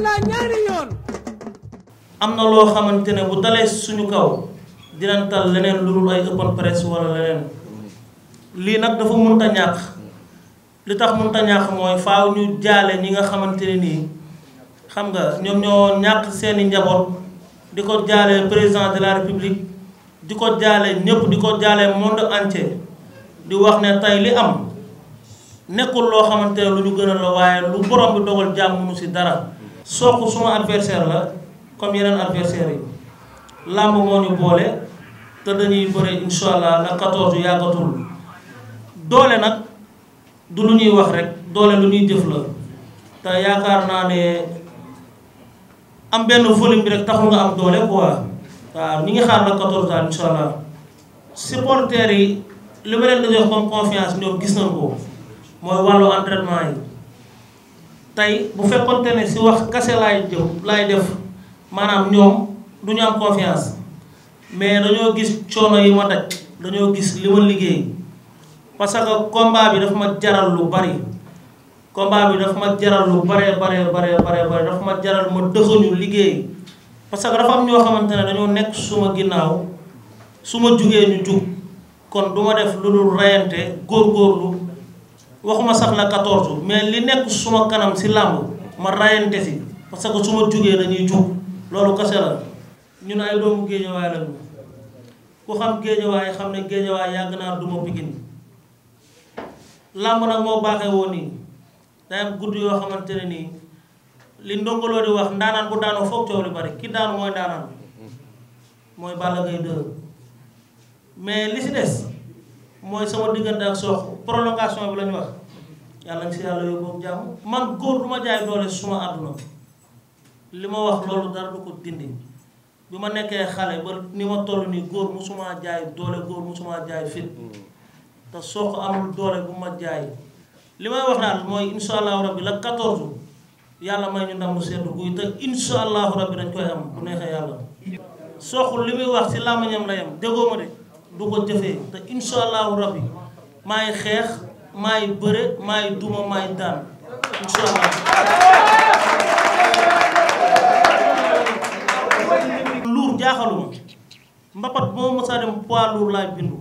yàlla ñaari yoon am na loo bu dalé suñu kaw dinañ tal leneen lu dul ay open press wala leneen li nak dafa munta ñak li tax munta ñak moy faaw ñu jaalé ñi nga xamantene ni xam nga ñom ñoo ñak seen njabot di ko jale président de la république di ko ñepp diko di ko jale monde entier di wax ne tay li am nekul lo xamantene lu ñu gënal la waye lu borom bi dogal jamm nu ci dara Sokh suma adversaire la comme yeneen adversaire yi làmb moo ñu boole te dañuy bëre incha allah la 14 yàggatul doole nag du lu ñuy wax rek doole lu ñuy jëf la te yaakaar naa ne am benn volume bi rek taxul nga am doole quoi waaw ñi ngi xaar la 14 daal incha allah supporters yi li ma leen di comme confiance ñoom gis nañ ko mooy wàllu entraînement yi. tey bu fekkonte ne si wax kase lay jëw laay def maanaam ñoom du ñu am confiance mais dañoo gis coono yi ma daj dañoo gis li ma liggéey parce que combat bi dafa ma jaral lu bari combat bi daf ma jaral lu baree bari bari baree ma jaral ma dëxañu liggéey parce que dafa am ñoo xamante ne dañoo nekk suma ginnaaw suma jugee ñu jug kon du ma def lu dul rayante góorgóorlu waxuma sax la 14 mais li nekk suma kanam si làmb ma rayante si parce que su ma jugee dañuy jug loolu kese la ñun ay doomu géejawaay lañu ku xam géejawaay xam ne géejawaay yàgg naa duma Pikine làmb nag moo baaxee woon nii day am yoo xamante ne nii li ndongoloo di wax ndaanaan bu daanoo foog coow li bari ki daan mooy ndaanaan mooy Balla Gaye 2 mais li si des mooy sama diggante ak sooxu prolongation bi la ñu wax yàlla nga si yàlla yóbbu jàmm man góor du ma jaay doole suma àdduna li ma wax loolu dara du ko dindi bi ma nekkee xale ba ni ma toll nii góor musuma jaay doole góor musuma jaay fit te sooxu amul doole bu ma jaay li may wax daal mooy insha allahu rabbi la 14 yàlla may ñu ndam lu sedd guy te insha allahu rabbi dañ koy am bu neexee yàlla sooxu li muy wax si làmmiñam la yem déggoo ma du ko jëfee te incha allahu rabbi maay xeex maay bëre maay duma maay daan incha allah. luur jaaxaluma mbapat moo mosaa dem poids lourd laay bindu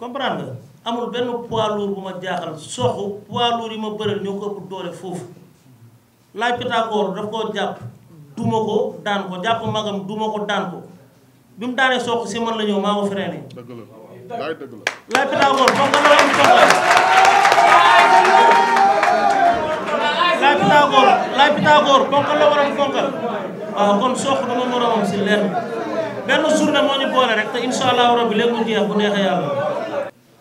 comprendre nga amul benn poids lourd bu ma jaaxal soxu poids lourd yi ma bëreel ñoo ko ëpp doole foofu laaj Pythagore daf koo jàpp duma ko daan ko jàpp magam duma ko daan ko. bi mu daanee sooq si man la ñëw maa ko freiné. dëgg la laay la. laay Pythagore foog nga la war ah, a fonkal waaw kon sooq dama moromam si leer benn journée moo ñu boole rek te incha allahu rabi léegi mu jeex bu neexee yàlla.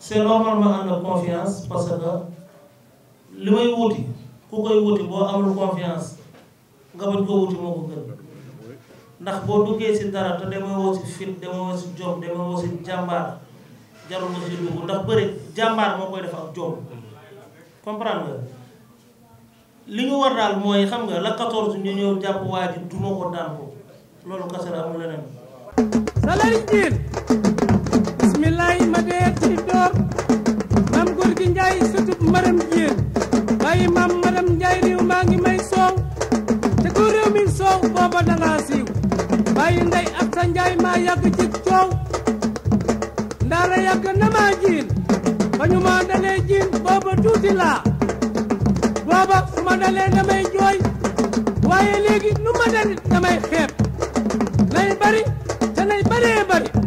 c' est normal ma ànd confiance parce que li may wuti ku koy wuti boo amul confiance nga bañ ko wuti moo ko gën. ndax boo duggee si dara te dama woo si fit dama woo si jom jarul nga si dugg ndax bëri jàmbaar moo koy def ak jom comprendre nga li ñu war daal mooy xam nga la 14 ñu ñëw jàpp waa ji duma ko daan ko loolu kase la amul leneen salari jiin bismillahi ma dee ci door maam góor gi njaay sëtub maram jiin bàyyi ndey ak sa maa yàgg ci coow ndaara yàgg na maa jiin ba ñu ma dalee tuuti laa booba su ma dalee damay waaye léegi nu ma dalit damay nay bari te nay